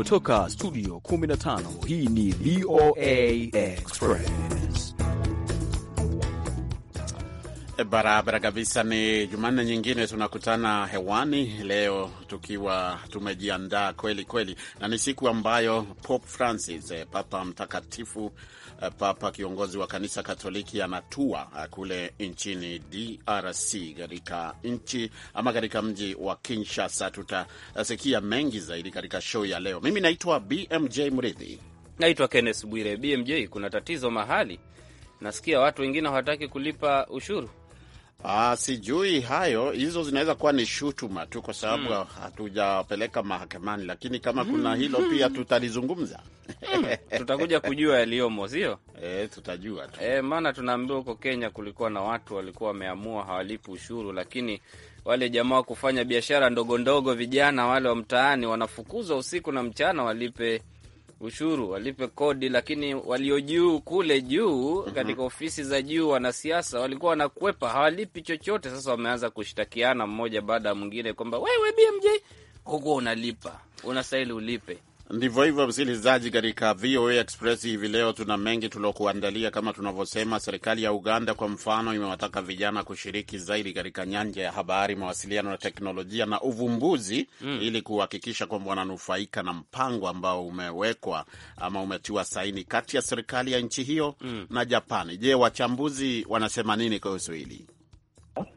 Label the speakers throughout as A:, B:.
A: Kutoka studio 15 hii ni VOA Express
B: e, barabara kabisa. Ni Jumanne nyingine tunakutana hewani leo, tukiwa tumejiandaa kweli kweli, na ni siku ambayo Pope Francis, e, Papa Mtakatifu Eh, Papa kiongozi wa kanisa Katoliki anatua eh, kule nchini DRC katika nchi ama katika mji wa Kinshasa. Tutasikia mengi zaidi katika show ya leo. Mimi naitwa BMJ Mridhi. Naitwa Kenneth Bwire.
C: BMJ, kuna tatizo mahali, nasikia watu wengine hawataki kulipa ushuru
B: Ah, sijui hayo, hizo zinaweza kuwa ni shutuma tu kwa sababu mm, hatujapeleka mahakamani, lakini kama kuna hmm. hilo pia tutalizungumza. Mm,
C: tutakuja kujua yaliyomo, sio e, tutajua tu e, maana tunaambiwa huko Kenya kulikuwa na watu walikuwa wameamua hawalipi ushuru, lakini wale jamaa wa kufanya biashara ndogo ndogo, vijana wale wa mtaani wanafukuzwa usiku na mchana walipe ushuru walipe kodi, lakini walio juu kule juu mm -hmm. katika ofisi za juu, wanasiasa walikuwa wanakwepa, hawalipi chochote. Sasa wameanza kushtakiana
B: mmoja baada ya mwingine kwamba wewe BMJ hukuwa unalipa, unastahili ulipe Ndivyo hivyo, msikilizaji. Katika VOA Express hivi leo tuna mengi tuliokuandalia. Kama tunavyosema, serikali ya Uganda kwa mfano imewataka vijana kushiriki zaidi katika nyanja ya habari, mawasiliano na teknolojia na uvumbuzi mm, ili kuhakikisha kwamba wananufaika na mpango ambao umewekwa ama umetiwa saini kati ya serikali ya nchi hiyo mm, na Japani. Je, wachambuzi wanasema nini kuhusu hili?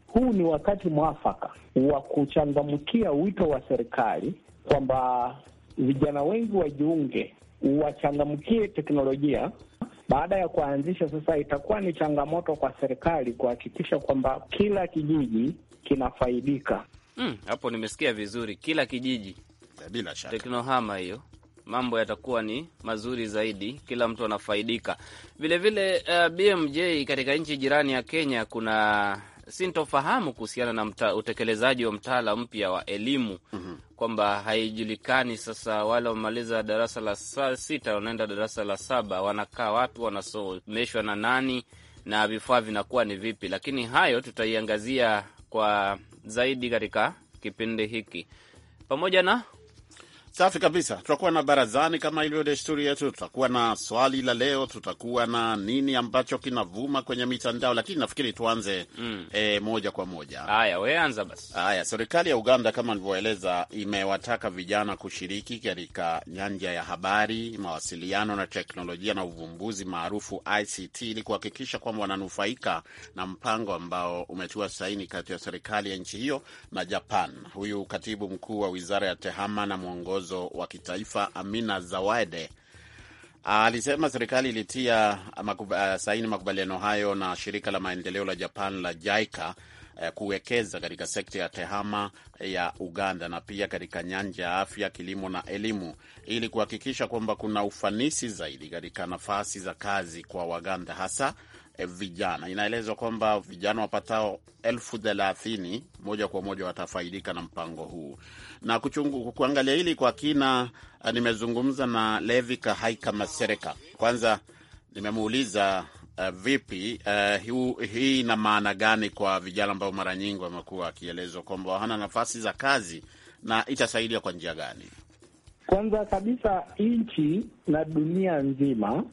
A: Huu ni wakati mwafaka wa kuchangamkia wito wa serikali kwamba vijana wengi wajiunge, wachangamkie teknolojia. Baada ya kuanzisha sasa, itakuwa ni changamoto kwa serikali kuhakikisha kwamba kila kijiji kinafaidika.
C: Mm, hapo nimesikia vizuri, kila kijiji. Eh, bila shaka teknohama hiyo mambo yatakuwa ni mazuri zaidi, kila mtu anafaidika vilevile. Uh, eh, BMJ katika nchi jirani ya Kenya kuna sintofahamu kuhusiana na mta, utekelezaji wa mtaala mpya wa elimu mm -hmm. kwamba haijulikani sasa, wale wamaliza darasa la sita wanaenda darasa la saba wanakaa wapi, wanasomeshwa na nani na vifaa vinakuwa ni vipi? Lakini hayo tutaiangazia kwa zaidi
B: katika kipindi hiki pamoja na Safi kabisa, tutakuwa na barazani kama ilivyo desturi yetu, tutakuwa na swali la leo, tutakuwa na nini ambacho kinavuma kwenye mitandao, lakini nafikiri tuanze mm. e, moja kwa moja. Haya, wewe anza basi. Haya, serikali ya Uganda kama nilivyoeleza, imewataka vijana kushiriki katika nyanja ya habari, mawasiliano na teknolojia na uvumbuzi maarufu ICT, ili kuhakikisha kwamba wananufaika na mpango ambao umetiwa saini kati ya serikali ya nchi hiyo na Japan. Huyu katibu mkuu wa wizara ya tehama na mwongozi mzozo wa kitaifa Amina Zawade alisema serikali ilitia saini makubaliano hayo na shirika la maendeleo la Japan la JICA eh, kuwekeza katika sekta ya tehama ya Uganda na pia katika nyanja ya afya, kilimo na elimu ili kuhakikisha kwamba kuna ufanisi zaidi katika nafasi za kazi kwa Waganda hasa Eh, vijana. Inaelezwa kwamba vijana wapatao elfu thelathini moja kwa moja watafaidika na mpango huu. Na kuchungu, kuangalia hili kwa kina, eh, nimezungumza na Levika Haika Masereka. Kwanza nimemuuliza Uh, vipi uh, hii ina maana gani kwa vijana ambao mara nyingi wamekuwa wakielezwa kwamba hana nafasi za kazi na itasaidia kwa njia gani?
A: Kwanza kabisa, nchi na dunia nzima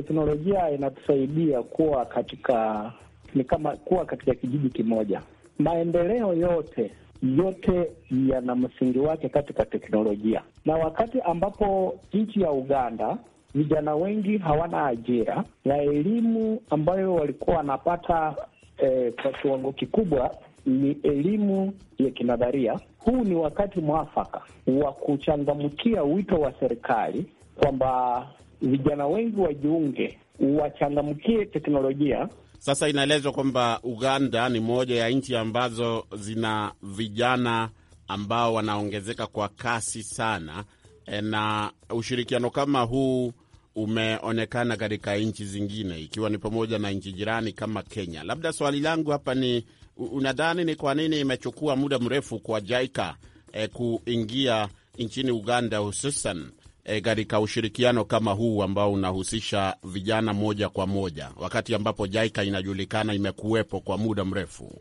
A: teknolojia inatusaidia kuwa katika ni kama kuwa katika kijiji kimoja. Maendeleo yote yote yana msingi wake katika teknolojia, na wakati ambapo nchi ya Uganda vijana wengi hawana ajira na elimu ambayo walikuwa wanapata eh, kwa kiwango kikubwa ni elimu ya kinadharia. Huu ni wakati mwafaka wa kuchangamkia wito wa serikali kwamba vijana wengi wajiunge, wachangamkie teknolojia.
B: Sasa inaelezwa kwamba Uganda ni moja ya nchi ambazo zina vijana ambao wanaongezeka kwa kasi sana, e, na ushirikiano kama huu umeonekana katika nchi zingine ikiwa ni pamoja na nchi jirani kama Kenya. Labda swali langu hapa ni unadhani ni kwa nini imechukua muda mrefu kwa JICA eh, kuingia nchini Uganda hususan E, katika e, ushirikiano kama huu ambao unahusisha vijana moja kwa moja, wakati ambapo JICA inajulikana imekuwepo kwa muda mrefu?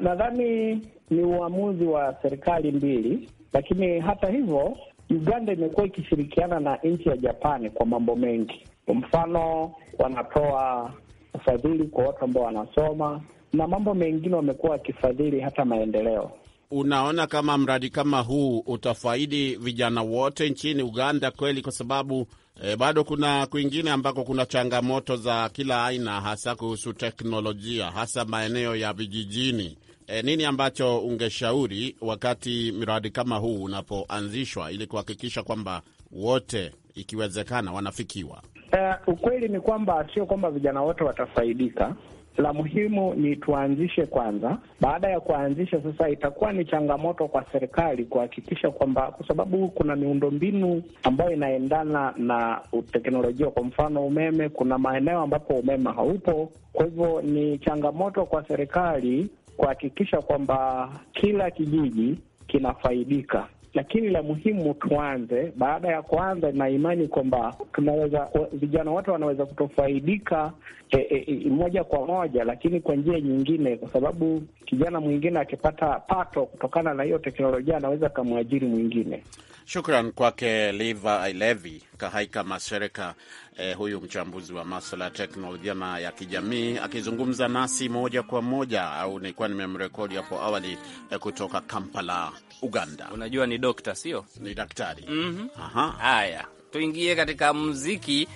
A: Nadhani ni uamuzi wa serikali mbili, lakini hata hivyo Uganda imekuwa ikishirikiana na nchi ya Japani kwa mambo mengi. Kwa mfano, wanatoa ufadhili kwa watu ambao wanasoma na mambo mengine, wamekuwa wakifadhili hata maendeleo
B: unaona kama mradi kama huu utafaidi vijana wote nchini Uganda kweli? Kwa sababu e, bado kuna kwingine ambako kuna changamoto za kila aina, hasa kuhusu teknolojia, hasa maeneo ya vijijini. E, nini ambacho ungeshauri wakati miradi kama huu unapoanzishwa ili kuhakikisha kwamba wote ikiwezekana wanafikiwa?
A: Uh, ukweli ni kwamba sio kwamba vijana wote watafaidika. La muhimu ni tuanzishe kwanza. Baada ya kuanzisha, sasa itakuwa ni changamoto kwa serikali kuhakikisha kwamba, kwa sababu kuna miundombinu ambayo inaendana na teknolojia, kwa mfano umeme. Kuna maeneo ambapo umeme haupo, kwa hivyo ni changamoto kwa serikali kuhakikisha kwamba kila kijiji kinafaidika lakini la muhimu tuanze. Baada ya kuanza, na imani kwamba tunaweza, vijana wote wanaweza kutofaidika e, e, e, moja kwa moja, lakini kwa njia nyingine, kwa sababu kijana mwingine akipata pato kutokana na hiyo teknolojia anaweza akamwajiri mwingine.
B: Shukran kwake Liva Levi Kahaika Masereka eh, huyu mchambuzi wa maswala ya teknolojia na ya kijamii akizungumza nasi moja kwa moja, au nilikuwa nimemrekodi hapo awali eh, kutoka Kampala, Uganda. Unajua ni dokta, sio ni daktari. mm -hmm. Haya,
C: tuingie katika muziki.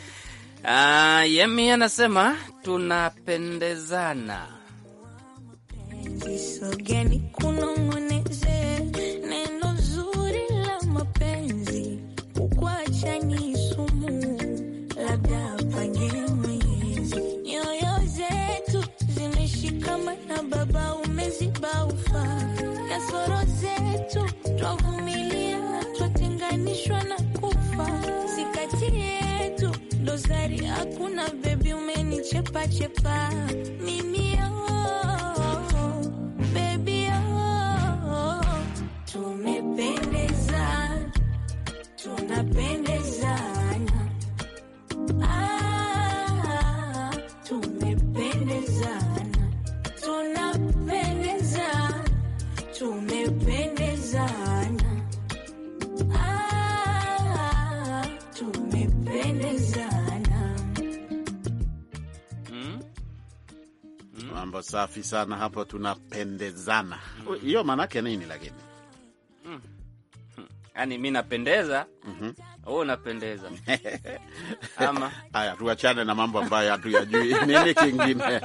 C: Uh, Yemi anasema tunapendezana
D: chepa chepa mimi oh, baby oh, tumependeza tunapendezana ah, tumependezana tunapendeza tumependezana
B: mambo safi sana hapo, tunapendezana. Hiyo maanake nini lakini? mm. Yani mi napendeza mm -hmm.
C: Unapendeza ama
B: haya, tuachane na mambo ambayo hatuyajui. Nini kingine,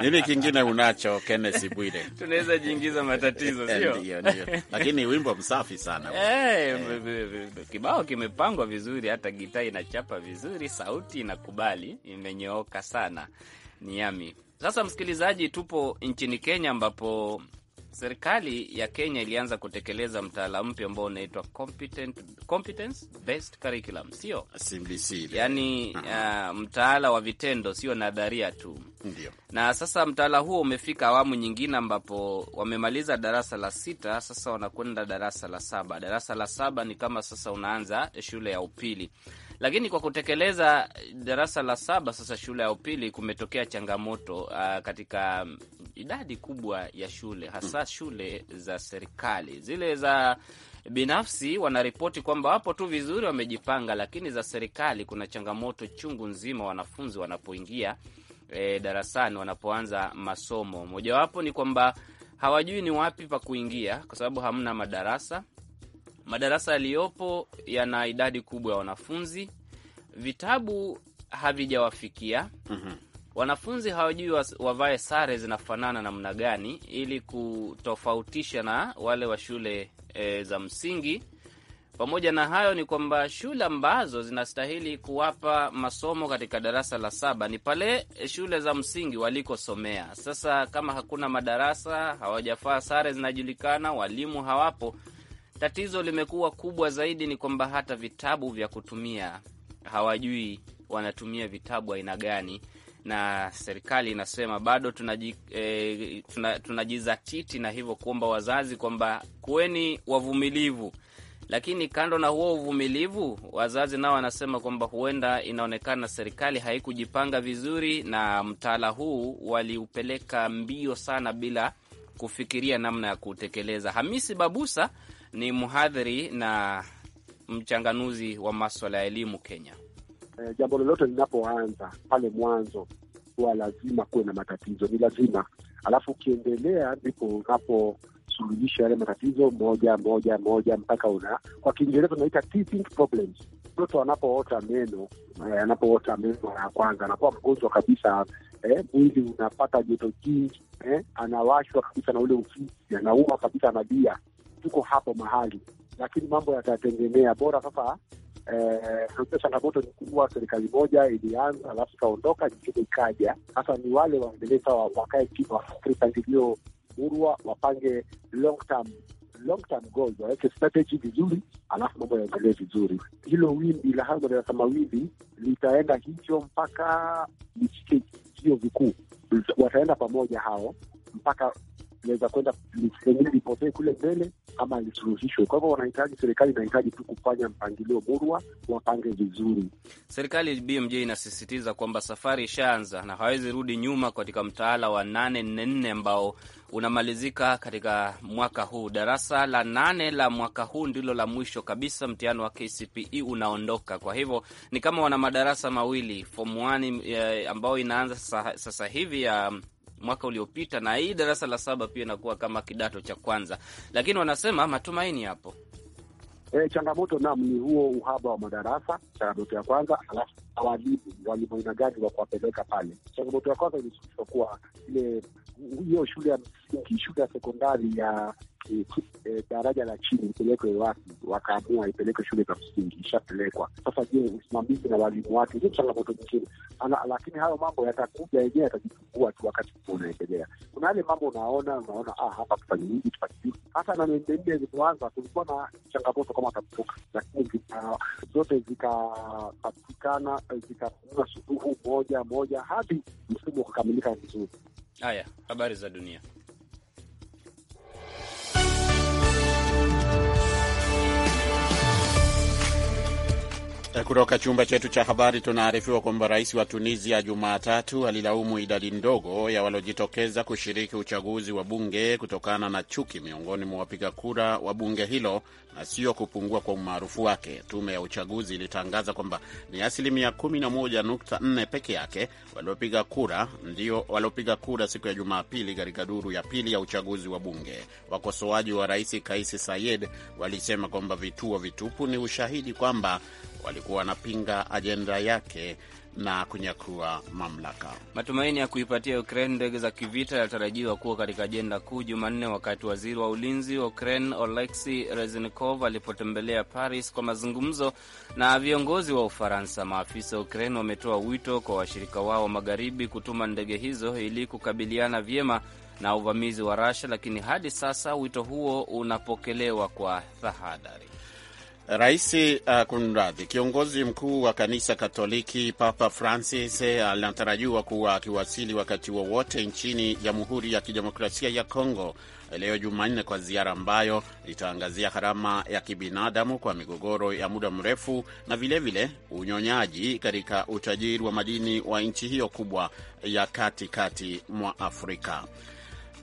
B: nini kingine unacho Kenneth Bwire? tunaweza jiingiza
C: matatizo, eh, sio ndio? Ndio,
B: lakini wimbo msafi sana hey, eh, eh. hey. Kibao kimepangwa vizuri,
C: hata gitaa inachapa vizuri, sauti inakubali, imenyooka sana. Niami sasa msikilizaji, tupo nchini Kenya ambapo serikali ya Kenya ilianza kutekeleza mtaala mpya ambao unaitwa competent, competence based curriculum, sio CBC, yani uh, mtaala wa vitendo, sio nadharia tu. Ndiyo. Na sasa mtaala huo umefika awamu nyingine ambapo wamemaliza darasa la sita, sasa wanakwenda darasa la saba. Darasa la saba ni kama sasa unaanza shule ya upili lakini kwa kutekeleza darasa la saba sasa shule ya upili, kumetokea changamoto uh, katika um, idadi kubwa ya shule hasa hmm. shule za serikali. Zile za binafsi wanaripoti kwamba wapo tu vizuri, wamejipanga, lakini za serikali kuna changamoto chungu nzima wanafunzi wanapoingia e, darasani wanapoanza masomo. Mojawapo ni kwamba hawajui ni wapi pa kuingia, kwa sababu hamna madarasa Madarasa yaliyopo yana idadi kubwa ya wanafunzi, vitabu havijawafikia. mm -hmm. Wanafunzi hawajui wavae sare zinafanana namna gani, ili kutofautisha na wale wa shule e, za msingi. Pamoja na hayo ni kwamba shule ambazo zinastahili kuwapa masomo katika darasa la saba ni pale shule za msingi walikosomea. Sasa kama hakuna madarasa, hawajafaa, sare zinajulikana, walimu hawapo, Tatizo limekuwa kubwa zaidi ni kwamba hata vitabu vya kutumia hawajui wanatumia vitabu aina gani, na serikali inasema bado tunaji, eh, tunajizatiti na hivyo kuomba wazazi kwamba kuweni wavumilivu. Lakini kando na huo uvumilivu, wazazi nao wanasema kwamba huenda inaonekana serikali haikujipanga vizuri, na mtaala huu waliupeleka mbio sana bila kufikiria namna ya kutekeleza Hamisi Babusa ni mhadhiri na mchanganuzi wa maswala ya elimu Kenya.
A: E, jambo lolote linapoanza pale mwanzo huwa lazima kuwe na matatizo, ni lazima, alafu ukiendelea ndipo unaposuluhisha yale matatizo moja moja moja mpaka una, kwa Kiingereza unaita teething problems. Mtoto anapoota meno eh, anapoota meno ya kwanza anakuwa mgonjwa kabisa eh, mwili unapata joto jingi eh, anawashwa kabisa na ule ufizi, anauma kabisa, analia tuko hapo mahali, lakini mambo yatategemea bora. Sasa eh, unajua, changamoto ni kubwa. Serikali moja ilianza alafu ikaondoka, nyingine ikaja. Sasa ni wale waendelee, wakae chini, wafikiri urwa, wapange long term long term goals, waweke strategy vizuri, alafu mambo yaendelee vizuri. Hilo wimbi la hayo nasema wimbi litaenda hivyo mpaka lifike vio vikuu, wataenda pamoja hao mpaka inaweza kwenda lenyewe lipotee kule mbele ama lisuluhishwe. Kwa hivyo wanahitaji, serikali inahitaji tu kufanya mpangilio murwa, wapange vizuri.
C: Serikali BMJ inasisitiza kwamba safari ishaanza na hawezi rudi nyuma katika mtaala wa nane nne nne ambao unamalizika katika mwaka huu. Darasa la nane la mwaka huu ndilo la mwisho kabisa, mtihani wa KCPE unaondoka. Kwa hivyo ni kama wana madarasa mawili, fomu 1 eh, ambayo inaanza sasa hivi ya mwaka uliopita, na hii darasa la saba pia inakuwa kama kidato cha kwanza, lakini wanasema matumaini yapo
A: E, changamoto nam ni huo uhaba wa madarasa, changamoto ya kwanza. Alafu walimu, walimu aina gani wa kuwapeleka pale? Changamoto ya kwanza ilisukishwa kuwa ile hiyo shule ya msingi, shule ya sekondari ya Eh, eh, daraja la chini ipelekwe wapi, wakaamua ipelekwe shule za msingi, ishapelekwa sasa. Je, usimamizi na walimu wake ndio changamoto nyingine, lakini hayo mambo yatakuja yenyewe, yatajifungua tu wakati unaendelea. Kuna yale mambo unaona unaona, ah, hapa tufanye hivi tufanye hivi. Hata na miendelee zilipoanza kulikuwa na changamoto kama tabuka, lakini zote zikapatikana zikaua suluhu moja moja hadi mfumo ukakamilika vizuri.
C: Haya, habari za dunia.
B: Kutoka chumba chetu cha habari tunaarifiwa kwamba rais wa Tunisia Jumatatu alilaumu idadi ndogo ya waliojitokeza kushiriki uchaguzi wa bunge kutokana na chuki miongoni mwa wapiga kura wa bunge hilo na sio kupungua kwa umaarufu wake. Tume ya uchaguzi ilitangaza kwamba ni asilimia 11.4 peke yake waliopiga kura ndio waliopiga kura siku ya Jumapili katika duru ya pili ya uchaguzi wa bunge. Wakosoaji wa rais Kais Sayed walisema kwamba vituo vitupu ni ushahidi kwamba walikuwa wanapinga ajenda yake na kunyakua mamlaka.
C: Matumaini ya kuipatia Ukraine ndege za kivita yalitarajiwa kuwa katika ajenda kuu Jumanne, wakati waziri wa ulinzi wa Ukraine Oleksi Reznikov alipotembelea Paris kwa mazungumzo na viongozi wa Ufaransa. Maafisa wa Ukraine wametoa wito kwa washirika wao wa magharibi kutuma ndege hizo ili kukabiliana vyema na uvamizi wa rasha lakini hadi sasa wito huo
B: unapokelewa kwa tahadhari. Rais uh, kunradhi, kiongozi mkuu wa kanisa Katoliki Papa Francis uh, anatarajiwa kuwa akiwasili wakati wowote wa nchini Jamhuri ya, ya Kidemokrasia ya Kongo leo Jumanne kwa ziara ambayo itaangazia gharama ya kibinadamu kwa migogoro ya muda mrefu na vilevile vile, unyonyaji katika utajiri wa madini wa nchi hiyo kubwa ya katikati kati mwa Afrika.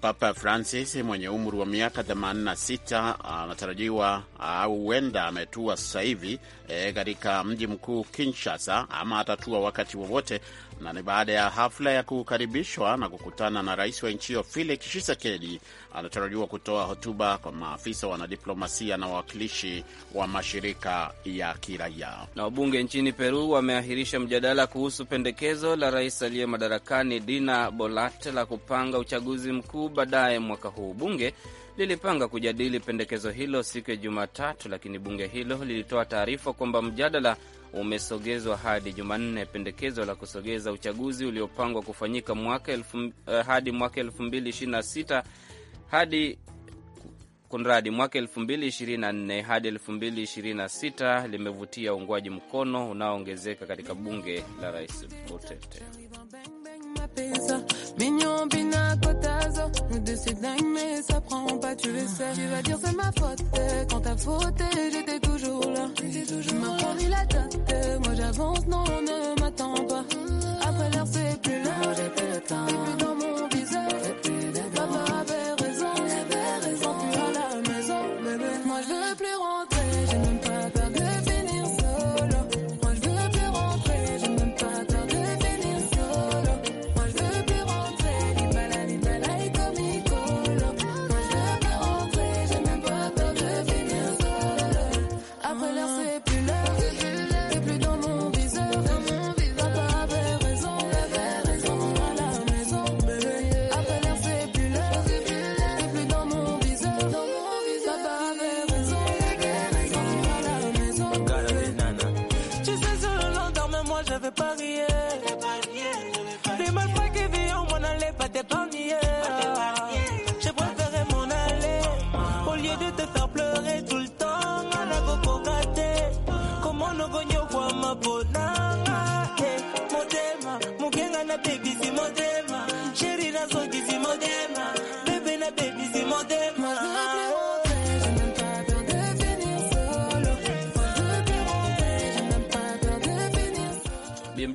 B: Papa Francis mwenye umri wa miaka 86 anatarajiwa au huenda ametua sasa hivi e, katika e, mji mkuu Kinshasa, ama atatua wakati wowote na ni baada ya hafla ya kukaribishwa na kukutana na rais wa nchi hiyo Felix Tshisekedi, anatarajiwa kutoa hotuba kwa maafisa wanadiplomasia na wawakilishi wa mashirika ya kiraia. Na wabunge
C: nchini Peru wameahirisha mjadala kuhusu pendekezo la rais aliye madarakani Dina Bolate la kupanga uchaguzi mkuu baadaye mwaka huu. Bunge lilipanga kujadili pendekezo hilo siku ya Jumatatu, lakini bunge hilo lilitoa taarifa kwamba mjadala umesogezwa hadi Jumanne. Pendekezo la kusogeza uchaguzi uliopangwa kufanyika mwaka elfu, uh, hadi mwaka sita hadi kunradi mwaka nne hadi sita limevutia uungwaji mkono unaoongezeka katika bunge la Rais butete mignon bina cotazo nous deux c'est dingue mais ça prend pas tu le sais tu vas dire c'est
D: ma faute quand t'as fauté j'étais toujours là j'étais toujours pris la tête moi j'avance non on ne m'attend pas après l'heure c'est plus là j'ai plus le temps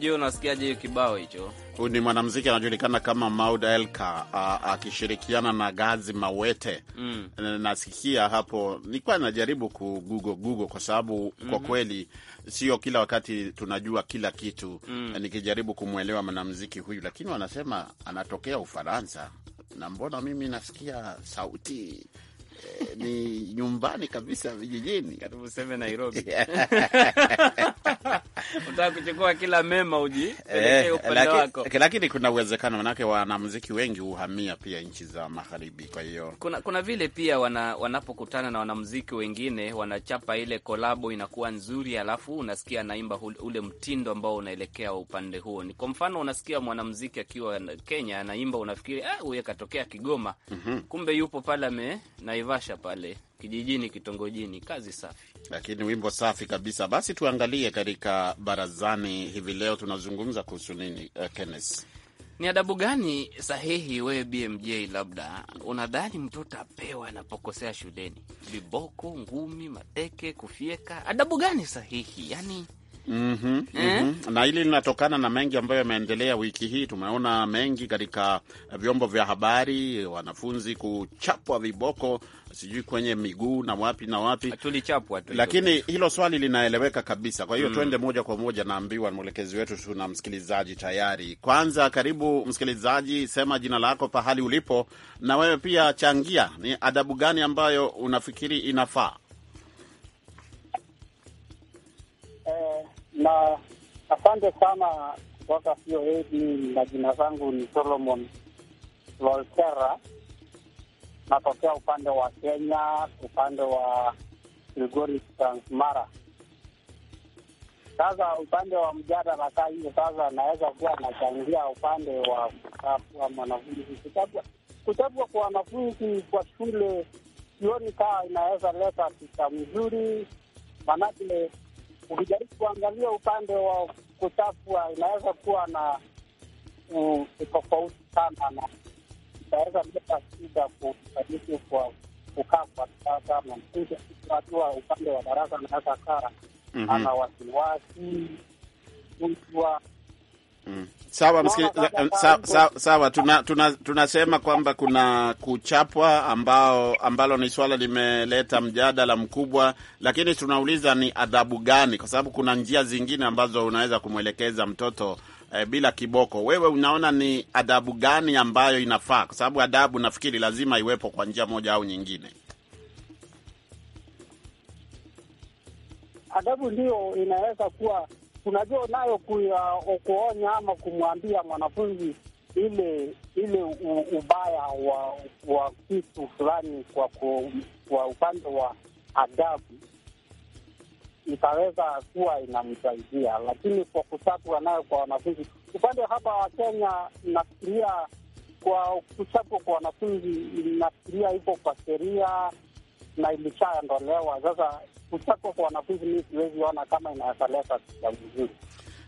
B: je, unasikiaje kibao hicho. Huyu ni mwanamziki anajulikana kama Maud Elka akishirikiana na Gazi Mawete mm. Nasikia hapo, nilikuwa najaribu ku google google kwa sababu mm -hmm. Kwa mhm. kweli sio kila wakati tunajua kila kitu mm. Eh, nikijaribu kumwelewa mwanamziki huyu, lakini wanasema anatokea Ufaransa na mbona mimi nasikia sauti Eh, ni nyumbani kabisa vijijini, katuseme Nairobi.
C: Utaka kuchukua kila mema ujipelekee eh, upande wako, lakini
B: kuna uwezekano manake wanamuziki wengi huhamia pia nchi za magharibi. Kwa hiyo
C: kuna, kuna vile pia wana, wanapokutana na wanamuziki wengine wanachapa ile kolabo inakuwa nzuri, alafu unasikia anaimba ule mtindo ambao unaelekea upande huo. Ni kwa mfano unasikia mwanamuziki akiwa Kenya anaimba, unafikiri ah, katokea Kigoma, mm -hmm. kumbe yupo pale ame Naiva Lubasha pale
B: kijijini kitongojini, kazi safi, lakini wimbo safi kabisa. Basi tuangalie katika barazani hivi leo, tunazungumza kuhusu nini? Uh, Kenneth, ni adabu gani sahihi wewe BMJ labda unadhani mtoto apewa anapokosea shuleni?
C: Viboko, ngumi, mateke, kufyeka, adabu gani sahihi yani
B: mm -hmm, mm -hmm. Na hili linatokana na mengi ambayo yameendelea wiki hii. Tumeona mengi katika vyombo vya habari, wanafunzi kuchapwa viboko, sijui kwenye miguu na wapi na wapi, tulichapwa tu, lakini hilo swali linaeleweka kabisa. Kwa hiyo mm, twende moja kwa moja, naambiwa mwelekezi wetu tuna msikilizaji tayari. Kwanza karibu msikilizaji, sema jina lako, pahali ulipo, na wewe pia changia, ni adabu gani ambayo unafikiri inafaa
A: na asante sana kutoka hedi na jina zangu ni Solomon Loltera, natokea upande wa Kenya, upande wa Grigori Transmara. Sasa upande wa mjadala kaa hiyo, sasa naweza kuwa nachangia upande wa kuchagua mwanafunzi, kuchagua kwa wanafunzi kwa shule, sioni kaa inaweza leta picha mzuri, manake ukijaribu kuangalia upande wa kuchafua ah, inaweza kuwa na tofauti sana, na itaweza kuleta shida kufariki kwa kukaa kwa darasa. Akiwa upande wa darasa naweza kaa mhm. ana wasiwasi kujwa
B: Sawa, um, sawa, sawa tuna, tuna, tunasema kwamba kuna kuchapwa ambao ambalo ni swala limeleta mjadala mkubwa, lakini tunauliza ni adhabu gani? Kwa sababu kuna njia zingine ambazo unaweza kumwelekeza mtoto eh, bila kiboko. Wewe unaona ni adhabu gani ambayo inafaa? Kwa sababu adhabu nafikiri lazima iwepo kwa njia moja au nyingine.
A: Adhabu ndiyo inaweza kuwa unajua nayo kuya, kuonya ama kumwambia mwanafunzi ile ile u, ubaya wa wa kitu fulani kwa, kwa upande wa adabu itaweza kuwa inamsaidia, lakini kwa kusakwa nayo kwa wanafunzi upande hapa wa Kenya, nafikiria kwa kusakwa kwa wanafunzi, nafikiria iko kwa sheria na ilishaondolewa sasa kusakwa kwa wanafunzi, mimi siwezi ona kama inawasaleta vizuri.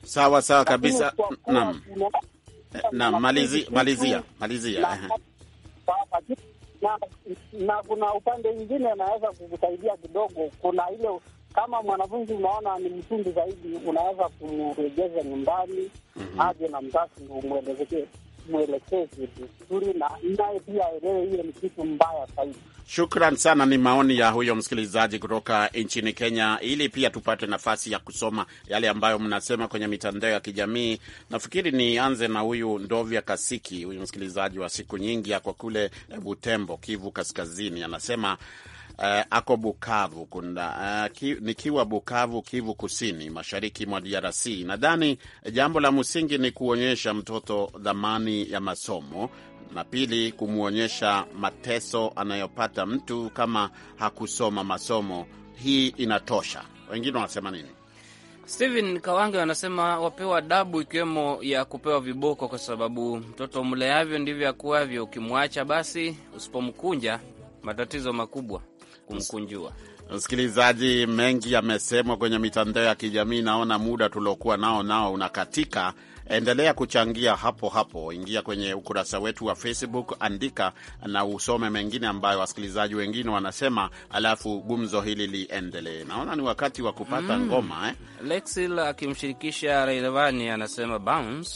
B: Sawa sawa kabisa. Naam,
A: eh, naam, malizia malizia malizia na kuna upande mwingine unaweza kukusaidia kidogo. Kuna ile kama mwanafunzi unaona ni mtundu zaidi, unaweza kumrejeza nyumbani mhm. aje na mzazi umwelezekee mwelekezi vizuri na naye pia aelewe hiyo ni kitu mbaya zaidi.
B: Shukran sana. Ni maoni ya huyo msikilizaji kutoka nchini Kenya, ili pia tupate nafasi ya kusoma yale ambayo mnasema kwenye mitandao ya kijamii. Nafikiri nianze na huyu Ndovya Kasiki, huyu msikilizaji wa siku nyingi, ako kule Butembo, Kivu Kaskazini, anasema uh, ako Bukavu kuna, uh, eh, ki, nikiwa Bukavu, Kivu Kusini, mashariki mwa DRC. Nadhani jambo la msingi ni kuonyesha mtoto dhamani ya masomo na pili, kumwonyesha mateso anayopata mtu kama hakusoma masomo. Hii inatosha. Wengine wanasema nini?
C: Steven Kawange wanasema wapewa adabu ikiwemo ya kupewa viboko, kwa sababu mtoto mleavyo ndivyo akuavyo. Ukimwacha basi, usipomkunja matatizo makubwa
B: kumkunjua. Msikilizaji, mengi yamesemwa kwenye mitandao ya kijamii. Naona muda tuliokuwa nao nao unakatika. Endelea kuchangia hapo hapo, ingia kwenye ukurasa wetu wa Facebook, andika na usome mengine ambayo wasikilizaji wengine wanasema, alafu gumzo hili liendelee. Naona ni wakati wa kupata mm, ngoma eh. Lexil akimshirikisha Rayvanny anasema bounce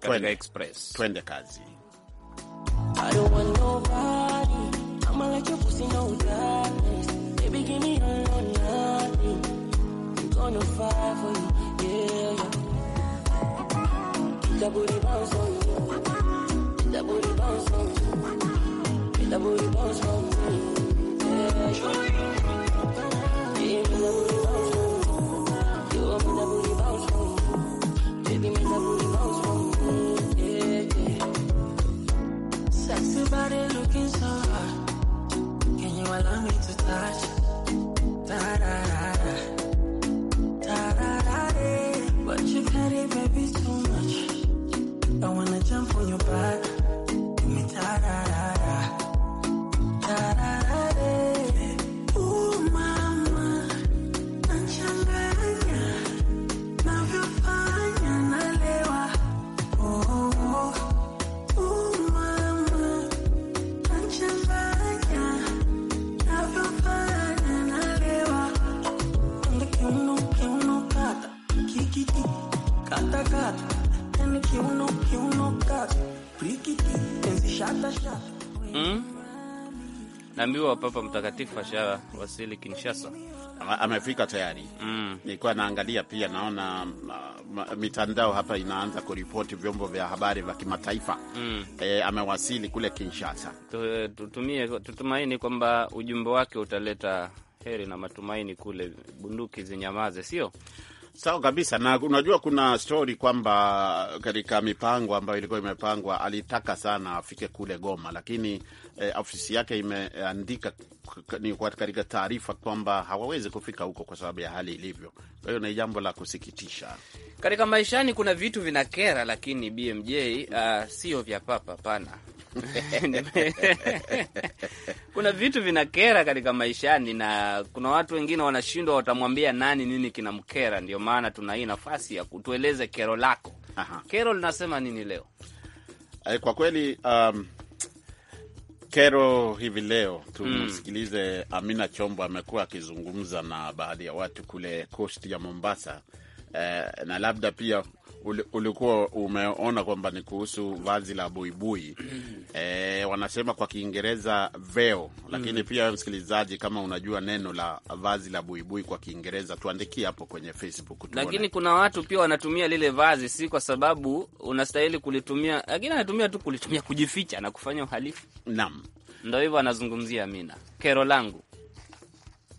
B: katika Express, twende kazi.
D: I don't want gonna Yeah,
B: Unajua Papa Mtakatifu ashawasili Kinshasa, amefika tayari. Mm. Nilikuwa naangalia pia, naona mitandao hapa inaanza kuripoti vyombo vya habari vya kimataifa. Mm. E, amewasili kule Kinshasa.
C: Tutumie tutumaini kwamba ujumbe wake utaleta
B: heri na matumaini kule, bunduki zinyamaze, sio? Sawa kabisa. Na unajua kuna stori kwamba katika mipango ambayo ilikuwa imepangwa, alitaka sana afike kule Goma, lakini eh, ofisi yake imeandika katika taarifa kwamba hawawezi kufika huko kwa sababu ya hali ilivyo. Kwa hiyo ni jambo la kusikitisha.
C: Katika maishani kuna vitu vinakera, lakini BMJ uh, ah, sio vya papa pana kuna vitu vinakera katika maishani, na kuna watu wengine wanashindwa, watamwambia nani nini kinamkera. Ndio maana tuna hii nafasi ya kutueleze kero lako. Aha. Kero linasema nini leo?
B: Eh, kwa kweli um, kero hivi leo tumsikilize. Mm. Amina Chombo amekuwa akizungumza na baadhi ya watu kule kosti ya Mombasa eh, na labda pia ulikuwa umeona kwamba ni kuhusu vazi la buibui e, wanasema kwa Kiingereza veo, lakini mm-hmm. pia msikilizaji, kama unajua neno la vazi la buibui kwa Kiingereza tuandikie hapo kwenye Facebook tuone. Lakini
C: kuna watu pia wanatumia lile vazi si kwa sababu unastahili kulitumia, lakini anatumia tu kulitumia kujificha na kufanya uhalifu. Naam, ndo hivyo anazungumzia. mina kero langu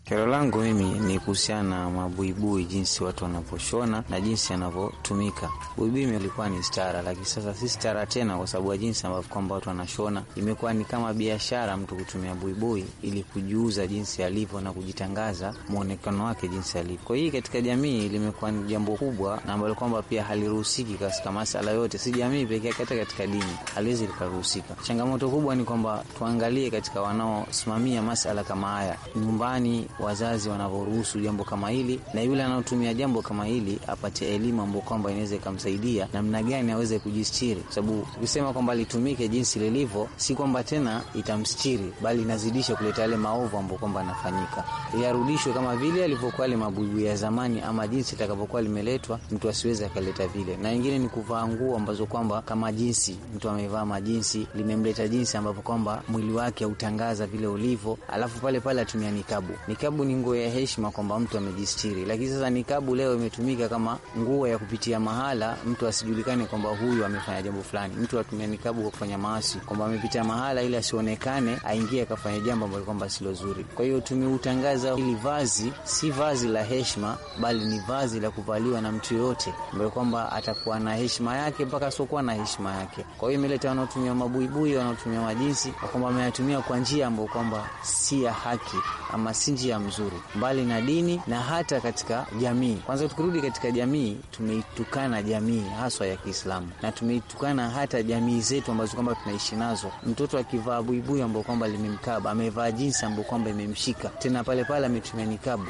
D: Kero langu mimi ni kuhusiana na mabuibui, jinsi watu wanaposhona na jinsi yanavyotumika. Buibui imelikuwa ni stara, lakini sasa si stara tena, kwa sababu ya jinsi ambavyo kwamba watu wanashona. Imekuwa ni kama biashara, mtu kutumia buibui ili kujiuza jinsi alivyo na kujitangaza mwonekano wake jinsi alivyo. Kwa hii katika jamii limekuwa ni jambo kubwa na ambalo kwamba pia haliruhusiki katika masala yote, si jamii pekee, hata katika dini haliwezi likaruhusika. Changamoto kubwa ni kwamba tuangalie katika wanaosimamia masala kama haya nyumbani wazazi wanavyoruhusu jambo kama hili, na yule anayotumia jambo kama hili apate elimu ambayo kwamba inaweza ikamsaidia namna gani aweze kujistiri, kwa sababu ukisema kwamba litumike jinsi lilivyo, si kwamba tena itamstiri, bali inazidisha kuleta yale maovu ambayo kwamba anafanyika. Yarudishwe kama vile alivyokuwa yale mabuibui ya zamani, ama jinsi itakavyokuwa limeletwa, mtu asiweze akaleta vile. Na ingine ni kuvaa nguo ambazo kwamba kama jinsi mtu amevaa majinsi, limemleta jinsi ambapo kwamba mwili wake hautangaza vile ulivyo, alafu pale pale atumia nikabu, nikabu Nikabu ni nguo ya heshima kwamba mtu amejistiri, lakini sasa nikabu leo imetumika kama nguo ya kupitia mahala, mtu asijulikane kwamba huyu amefanya jambo fulani. Mtu atumia nikabu kwa kufanya maasi, kwamba amepita mahala ili asionekane, aingie akafanya jambo ambalo kwamba silo zuri. Kwa hiyo tumeutangaza hili vazi si vazi la heshima, bali ni vazi la kuvaliwa na mtu yoyote ambayo kwamba atakuwa na heshima yake mpaka asiokuwa na heshima yake. Kwa hiyo imeleta wanaotumia mabuibui, wanaotumia majinsi, kwamba ameyatumia kwa njia ambayo kwamba si ya haki ama si njia mzuri, mbali na dini na hata katika jamii. Kwanza tukirudi katika jamii, tumeitukana jamii haswa ya Kiislamu na tumeitukana hata jamii zetu ambazo kwamba tunaishi nazo. Mtoto akivaa buibui ambao kwamba limemkaba, amevaa jinsi ambao kwamba imemshika, tena pale pale ametumia nikabu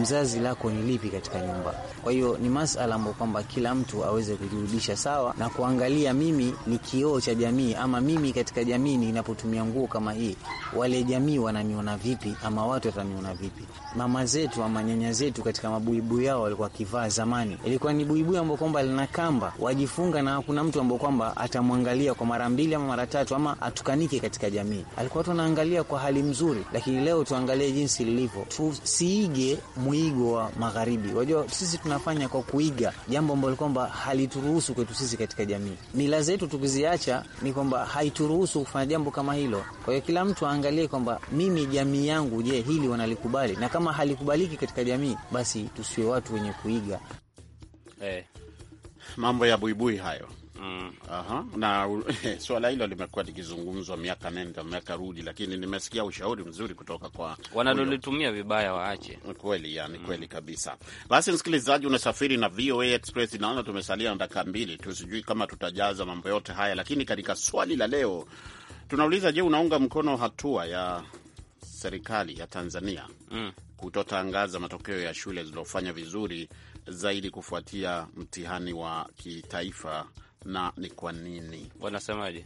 D: mzazi lako ni lipi katika nyumba. Kwa hiyo ni masala ambayo kwamba kila mtu aweze kujirudisha sawa na kuangalia, mimi ni kioo cha jamii, ama mimi katika jamii ninapotumia nguo kama hii, wale jamii wananiona vipi, ama watu wataniona vipi? Mama zetu ama nyanya zetu katika mabuibui yao walikuwa wakivaa zamani, ilikuwa ni buibui ambao kwamba lina kamba, wajifunga, na hakuna mtu ambao kwamba atamwangalia kwa mara mbili ama mara tatu ama atukanike katika jamii. Alikuwa watu wanaangalia kwa hali mzuri, lakini leo tuangalie jinsi lilivyo, tusiige mwigo wa magharibi. Wajua sisi tunafanya kwa kuiga jambo ambalo kwamba halituruhusu kwetu sisi katika jamii. Mila zetu tukiziacha, ni kwamba haituruhusu kufanya jambo kama hilo. Kwa hiyo kila mtu aangalie kwamba mimi jamii yangu, je, hili wanalikubali? Na kama halikubaliki katika jamii, basi tusiwe watu wenye kuiga. Hey,
B: eh, mambo ya buibui hayo. Mm. Aha. Na swala hilo limekuwa likizungumzwa miaka nenda miaka rudi, lakini nimesikia ushauri mzuri kutoka kwa wanalolitumia vibaya waache. Kweli yani, mm. Kweli kabisa. Basi msikilizaji, unasafiri na VOA Express. Naona tumesalia na dakika mbili tu, sijui kama tutajaza mambo yote haya, lakini katika swali la leo tunauliza, je, unaunga mkono hatua ya serikali ya Tanzania mm. kutotangaza matokeo ya shule zilizofanya vizuri zaidi kufuatia mtihani wa kitaifa na ni kwa nini wanasemaje?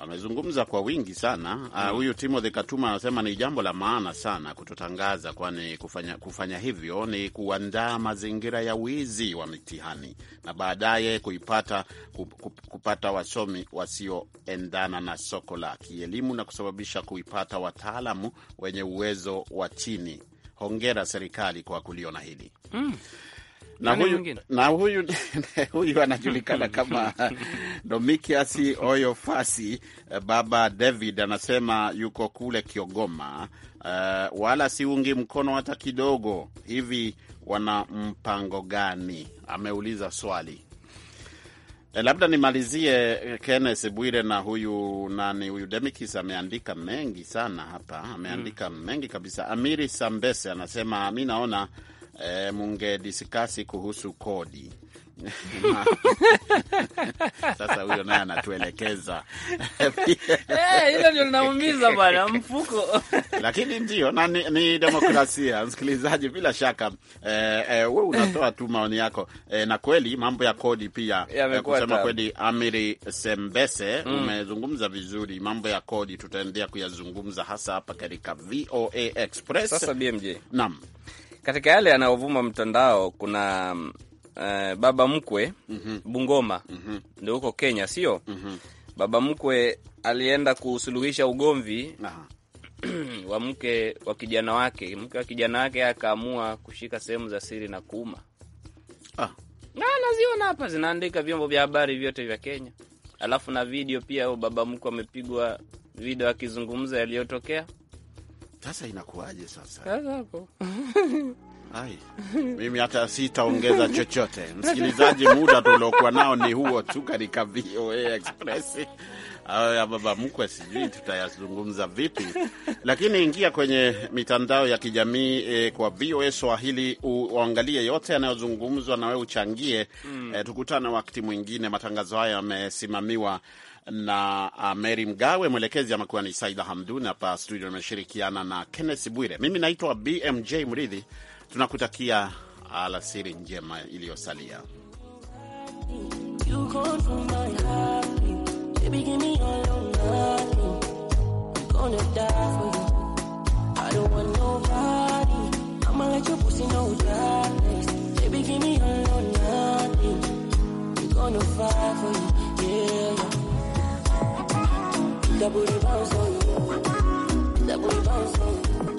B: Wamezungumza kwa wingi sana ah, mm. huyu. Uh, Timothy Katuma anasema ni jambo la maana sana kutotangaza, kwani kufanya, kufanya hivyo ni kuandaa mazingira ya wizi wa mitihani na baadaye kuipata kupata wasomi wasioendana na soko la kielimu na kusababisha kuipata wataalamu wenye uwezo wa chini. Hongera serikali kwa kuliona hili mm na huyu, na huyu, huyu anajulikana kama Domitius Oyofasi. Eh, baba David anasema yuko kule Kiogoma. Uh, wala siungi mkono hata kidogo. Hivi wana mpango gani? Ameuliza swali. Eh, labda nimalizie Kenneth Bwire na huyu nani huyu Demikis ameandika mengi sana hapa, ameandika mm, mengi kabisa. Amiri Sambese anasema mi naona Eh, e, disikasi kuhusu kodi Sasa huyo naye anatuelekeza eh, hilo ndio
C: linaumiza bwana mfuko,
B: lakini ndio na ni, ni demokrasia msikilizaji, bila shaka eh, eh, we unatoa tu maoni yako eh, na kweli mambo ya kodi pia eh, kusema kweli, Amiri Sembese mm, umezungumza vizuri mambo ya kodi, tutaendelea kuyazungumza hasa hapa katika VOA Express. Sasa BMJ,
C: naam katika yale yanayovuma mtandao kuna
B: uh, baba
C: mkwe mm -hmm. Bungoma mm -hmm. ndio huko Kenya sio? mm -hmm. Baba mkwe alienda kusuluhisha ugomvi wa mke wa kijana wake. Mke wa kijana wake akaamua kushika sehemu za siri na kuuma ah.
D: Na naziona hapa zinaandika
C: vyombo vya habari vyote vya Kenya, alafu na video pia. Baba mkwe amepigwa video akizungumza yaliyotokea
B: sasa inakuwaje sasa?
D: Sasa
C: hapo.
B: Ai, mimi hata sitaongeza chochote. Msikilizaji, muda tuliokuwa nao ni huo tu katika VOA Express. Haya baba mkwe, sijui tutayazungumza vipi, lakini ingia kwenye mitandao ya kijamii e, kwa VOA Swahili uangalie yote yanayozungumzwa na wewe uchangie. Mm. E, tukutane wakati mwingine. Matangazo haya yamesimamiwa na uh, Mary Mgawe. Mwelekezi amekuwa ni Saida Hamdun. Hapa studio nimeshirikiana na Kenneth Bwire. Mimi naitwa BMJ Mridhi. Tunakutakia alasiri njema iliyosalia
D: double bounce on you, double bounce on you.